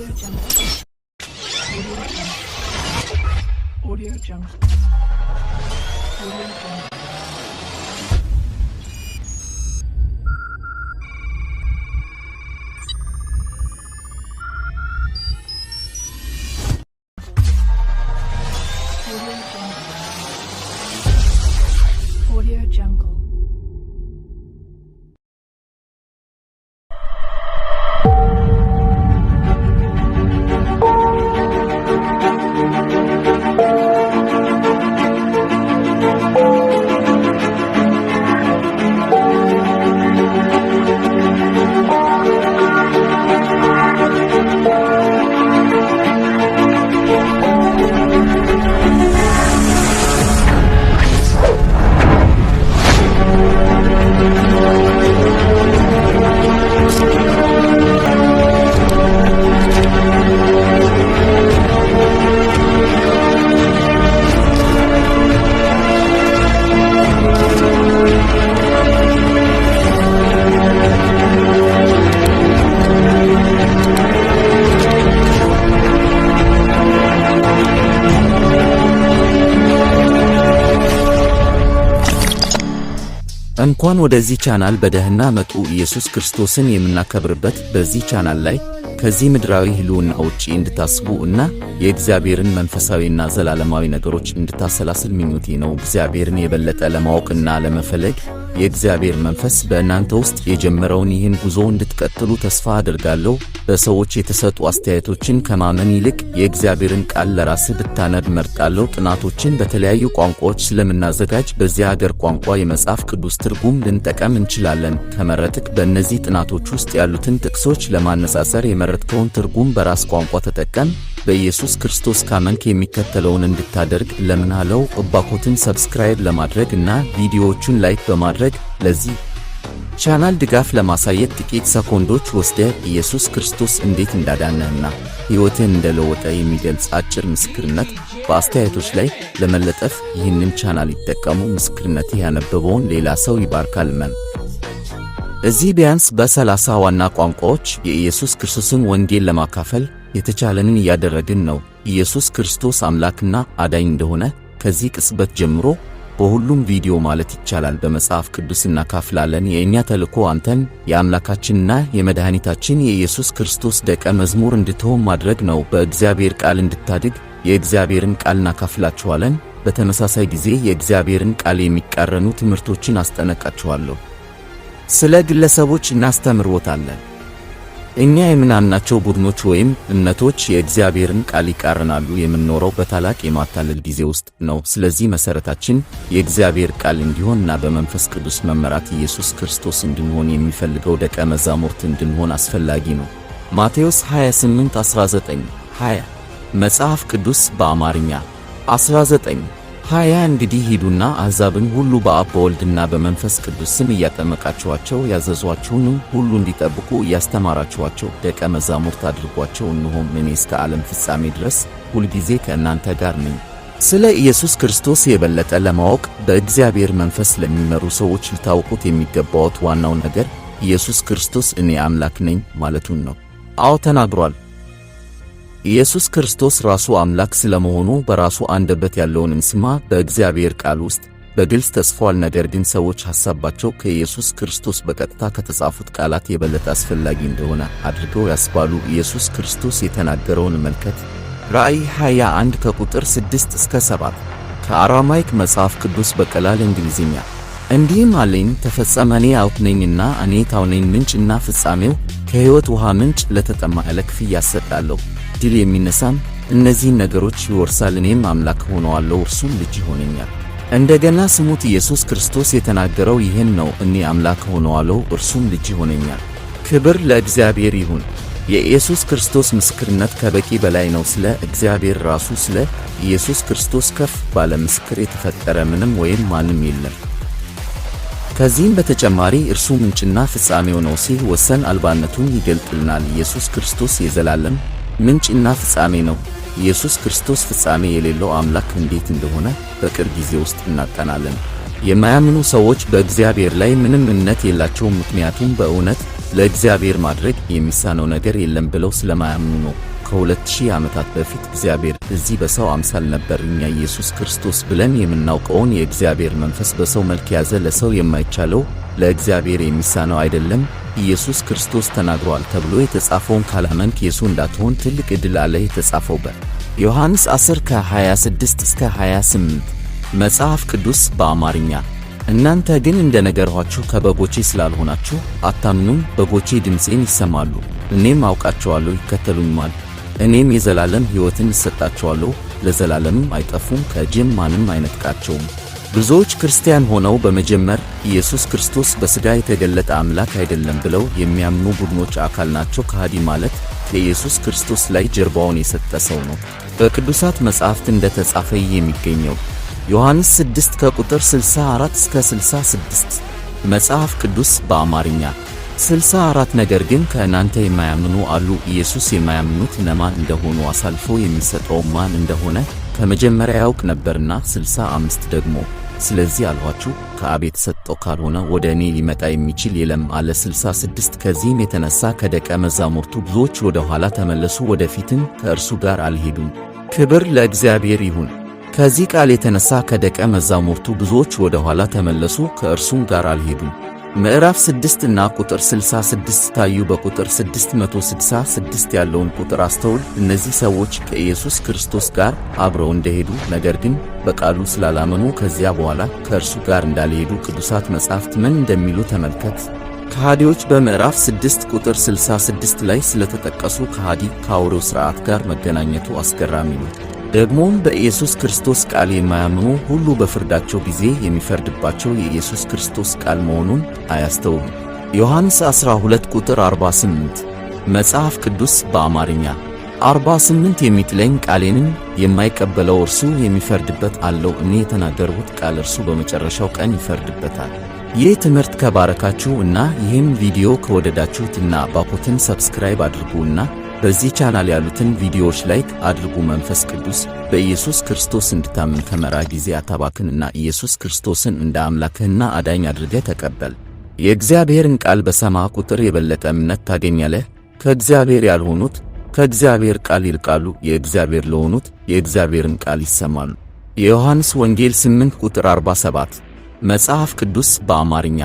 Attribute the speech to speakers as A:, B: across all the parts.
A: 오디오 정보. 오디오 정보. 오디오 정보. 오디오 정보. እንኳን ወደዚህ ቻናል በደህና መጡ። ኢየሱስ ክርስቶስን የምናከብርበት በዚህ ቻናል ላይ ከዚህ ምድራዊ ሕልውና ውጪ እንድታስቡ እና የእግዚአብሔርን መንፈሳዊና ዘላለማዊ ነገሮች እንድታሰላስል ምኞቴ ነው። እግዚአብሔርን የበለጠ ለማወቅና ለመፈለግ የእግዚአብሔር መንፈስ በእናንተ ውስጥ የጀመረውን ይህን ጉዞ እንድትቀጥሉ ተስፋ አድርጋለሁ። በሰዎች የተሰጡ አስተያየቶችን ከማመን ይልቅ የእግዚአብሔርን ቃል ለራስህ ብታነብ መርጣለሁ። ጥናቶችን በተለያዩ ቋንቋዎች ስለምናዘጋጅ በዚያ አገር ቋንቋ የመጽሐፍ ቅዱስ ትርጉም ልንጠቀም እንችላለን። ከመረጥክ በእነዚህ ጥናቶች ውስጥ ያሉትን ጥቅሶች ለማነጻጸር የመረጥከውን ትርጉም በራስ ቋንቋ ተጠቀም። በኢየሱስ ክርስቶስ ካመንክ የሚከተለውን እንድታደርግ ለምናለው አባኮትን እባኮትን ሰብስክራይብ ለማድረግ እና ቪዲዮዎቹን ላይክ በማድረግ ለዚህ ቻናል ድጋፍ ለማሳየት ጥቂት ሰኮንዶች ወስደ ኢየሱስ ክርስቶስ እንዴት እንዳዳነህና ሕይወትህን እንደለወጠ የሚገልጽ አጭር ምስክርነት በአስተያየቶች ላይ ለመለጠፍ ይህንን ቻናል ይጠቀሙ። ምስክርነት ያነበበውን ሌላ ሰው ይባርካል። መን እዚህ ቢያንስ በሰላሳ ዋና ቋንቋዎች የኢየሱስ ክርስቶስን ወንጌል ለማካፈል የተቻለንን እያደረግን ነው። ኢየሱስ ክርስቶስ አምላክና አዳኝ እንደሆነ ከዚህ ቅጽበት ጀምሮ በሁሉም ቪዲዮ ማለት ይቻላል በመጽሐፍ ቅዱስ እናካፍላለን። የእኛ ተልእኮ አንተን የአምላካችንና የመድኃኒታችን የኢየሱስ ክርስቶስ ደቀ መዝሙር እንድትሆን ማድረግ ነው። በእግዚአብሔር ቃል እንድታድግ የእግዚአብሔርን ቃል እናካፍላችኋለን። በተመሳሳይ ጊዜ የእግዚአብሔርን ቃል የሚቃረኑ ትምህርቶችን አስጠነቃችኋለሁ። ስለ ግለሰቦች እናስተምርዎታለን። እኛ የምናምናቸው ቡድኖች ወይም እምነቶች የእግዚአብሔርን ቃል ይቃረናሉ። የምንኖረው በታላቅ የማታለል ጊዜ ውስጥ ነው። ስለዚህ መሠረታችን የእግዚአብሔር ቃል እንዲሆንና በመንፈስ ቅዱስ መመራት ኢየሱስ ክርስቶስ እንድንሆን የሚፈልገው ደቀ መዛሙርት እንድንሆን አስፈላጊ ነው። ማቴዎስ 28 19 20 መጽሐፍ ቅዱስ በአማርኛ 19 ሀያ እንግዲህ ሂዱና አሕዛብን ሁሉ በአብ በወልድና በመንፈስ ቅዱስ ስም እያጠመቃችኋቸው ያዘዟችሁንም ሁሉ እንዲጠብቁ እያስተማራችኋቸው ደቀ መዛሙርት አድርጓቸው። እንሆም እኔ እስከ ዓለም ፍጻሜ ድረስ ሁልጊዜ ከእናንተ ጋር ነኝ። ስለ ኢየሱስ ክርስቶስ የበለጠ ለማወቅ በእግዚአብሔር መንፈስ ለሚመሩ ሰዎች ልታውቁት የሚገባዎት ዋናው ነገር ኢየሱስ ክርስቶስ እኔ አምላክ ነኝ ማለቱን ነው። አዎ ተናግሯል። ኢየሱስ ክርስቶስ ራሱ አምላክ ስለመሆኑ በራሱ አንደበት ያለውን እንስማ በእግዚአብሔር ቃል ውስጥ በግልጽ ተጽፏል። ነገር ግን ሰዎች ሐሳባቸው ከኢየሱስ ክርስቶስ በቀጥታ ከተጻፉት ቃላት የበለጠ አስፈላጊ እንደሆነ አድርገው ያስባሉ። ኢየሱስ ክርስቶስ የተናገረውን መልከት ራእይ 21 ከቁጥር 6 እስከ 7 ከአራማይክ መጽሐፍ ቅዱስ በቀላል እንግሊዝኛ እንዲህም አለኝ ተፈጸመ። እኔ አውት ነኝና እኔ ታው ነኝ፣ ምንጭና ፍጻሜው ከሕይወት ውሃ ምንጭ ለተጠማ ያለ ክፍያ እሰጣለሁ። ድል የሚነሳም እነዚህን ነገሮች ይወርሳል። እኔም አምላክ ሆነዋለሁ፣ እርሱም ልጅ ይሆነኛል። እንደገና ስሙት፣ ኢየሱስ ክርስቶስ የተናገረው ይህን ነው። እኔ አምላክ ሆነዋለሁ፣ እርሱም ልጅ ይሆነኛል። ክብር ለእግዚአብሔር ይሁን። የኢየሱስ ክርስቶስ ምስክርነት ከበቂ በላይ ነው። ስለ እግዚአብሔር ራሱ ስለ ኢየሱስ ክርስቶስ ከፍ ባለ ምስክር የተፈጠረ ምንም ወይም ማንም የለም። ከዚህም በተጨማሪ እርሱ ምንጭና ፍጻሜው ነው ሲል ወሰን አልባነቱን ይገልጥልናል። ኢየሱስ ክርስቶስ የዘላለም ምንጭና ፍጻሜ ነው። ኢየሱስ ክርስቶስ ፍጻሜ የሌለው አምላክ እንዴት እንደሆነ በቅርብ ጊዜ ውስጥ እናጠናለን። የማያምኑ ሰዎች በእግዚአብሔር ላይ ምንም እምነት የላቸውም፣ ምክንያቱም በእውነት ለእግዚአብሔር ማድረግ የሚሳነው ነገር የለም ብለው ስለማያምኑ ነው። ከሁለት ሺህ ዓመታት በፊት እግዚአብሔር እዚህ በሰው አምሳል ነበር። እኛ ኢየሱስ ክርስቶስ ብለን የምናውቀውን የእግዚአብሔር መንፈስ በሰው መልክ ያዘ። ለሰው የማይቻለው ለእግዚአብሔር የሚሳነው አይደለም። ኢየሱስ ክርስቶስ ተናግሯል ተብሎ የተጻፈውን ካላመንክ የሱ እንዳትሆን ትልቅ ዕድል አለ። የተጻፈው ዮሐንስ 10 ከ26 እስከ 28 መጽሐፍ ቅዱስ በአማርኛ እናንተ ግን ነገርኋችሁ ከበጎቼ ስላልሆናችሁ አታምኑም። በጎቼ ድምፄን ይሰማሉ፣ እኔም አውቃቸዋለሁ፣ ይከተሉኝማል። እኔም የዘላለም ሕይወትን እሰጣቸዋለሁ፣ ለዘላለምም አይጠፉም፣ ከእጄም ማንም አይነጥቃቸውም። ብዙዎች ክርስቲያን ሆነው በመጀመር ኢየሱስ ክርስቶስ በሥጋ የተገለጠ አምላክ አይደለም ብለው የሚያምኑ ቡድኖች አካል ናቸው። ከሃዲ ማለት ከኢየሱስ ክርስቶስ ላይ ጀርባውን የሰጠ ሰው ነው። በቅዱሳት መጻሕፍት እንደ ተጻፈ ይህ የሚገኘው ዮሐንስ 6 ከቁጥር 64 እስከ 66 መጽሐፍ ቅዱስ በአማርኛ 64 ነገር ግን ከእናንተ የማያምኑ አሉ። ኢየሱስ የማያምኑት እነማን እንደሆኑ አሳልፎ የሚሰጠው ማን እንደሆነ ከመጀመሪያ ያውቅ ነበርና ስልሳ አምስት ደግሞ ስለዚህ አልኋችሁ ከአብ የተሰጠው ካልሆነ ወደ እኔ ሊመጣ የሚችል የለም አለ። ስልሳ ስድስት ከዚህም የተነሳ ከደቀ መዛሙርቱ ብዙዎች ወደ ኋላ ተመለሱ፣ ወደፊትም ከእርሱ ጋር አልሄዱም። ክብር ለእግዚአብሔር ይሁን። ከዚህ ቃል የተነሳ ከደቀ መዛሙርቱ ብዙዎች ወደ ኋላ ተመለሱ፣ ከእርሱም ጋር አልሄዱም። ምዕራፍ 6 እና ቁጥር 66 ታዩ። በቁጥር 666 ያለውን ቁጥር አስተውል። እነዚህ ሰዎች ከኢየሱስ ክርስቶስ ጋር አብረው እንደሄዱ ነገር ግን በቃሉ ስላላመኑ ከዚያ በኋላ ከእርሱ ጋር እንዳልሄዱ ቅዱሳት መጻሕፍት ምን እንደሚሉ ተመልከት። ከሃዲዎች በምዕራፍ 6 ቁጥር 66 ላይ ስለተጠቀሱ ከሃዲ ከአውሬው ሥርዓት ጋር መገናኘቱ አስገራሚ ነው። ደግሞም በኢየሱስ ክርስቶስ ቃል የማያምኑ ሁሉ በፍርዳቸው ጊዜ የሚፈርድባቸው የኢየሱስ ክርስቶስ ቃል መሆኑን አያስተውም። ዮሐንስ 12 ቁጥር 48። መጽሐፍ ቅዱስ በአማርኛ 48 የሚጥለኝ ቃሌንም የማይቀበለው እርሱ የሚፈርድበት አለው። እኔ የተናገርሁት ቃል እርሱ በመጨረሻው ቀን ይፈርድበታል። ይህ ትምህርት ከባረካችሁ እና ይህም ቪዲዮ ከወደዳችሁትና አባኮትን ሰብስክራይብ አድርጉና በዚህ ቻናል ያሉትን ቪዲዮዎች ላይክ አድርጉ። መንፈስ ቅዱስ በኢየሱስ ክርስቶስ እንድታምን ከመራ ጊዜ አታባክንና ኢየሱስ ክርስቶስን እንደ አምላክህና አዳኝ አድርገህ ተቀበል። የእግዚአብሔርን ቃል በሰማ ቁጥር የበለጠ እምነት ታገኛለህ። ከእግዚአብሔር ያልሆኑት ከእግዚአብሔር ቃል ይርቃሉ፣ የእግዚአብሔር ለሆኑት የእግዚአብሔርን ቃል ይሰማሉ። የዮሐንስ ወንጌል 8 ቁጥር 47 መጽሐፍ ቅዱስ በአማርኛ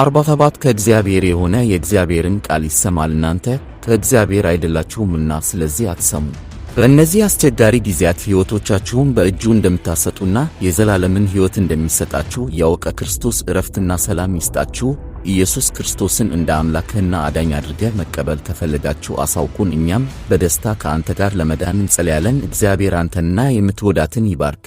A: 47 ከእግዚአብሔር የሆነ የእግዚአብሔርን ቃል ይሰማል። እናንተ ከእግዚአብሔር አይደላችሁምና ስለዚህ አትሰሙ። በእነዚህ አስቸጋሪ ጊዜያት ሕይወቶቻችሁን በእጁ እንደምታሰጡና የዘላለምን ሕይወት እንደሚሰጣችሁ ያወቀ ክርስቶስ እረፍትና ሰላም ይስጣችሁ። ኢየሱስ ክርስቶስን እንደ አምላክህና አዳኝ አድርገህ መቀበል ከፈለጋችሁ አሳውቁን። እኛም በደስታ ከአንተ ጋር ለመዳን እንጸልያለን። እግዚአብሔር አንተንና የምትወዳትን ይባርክ።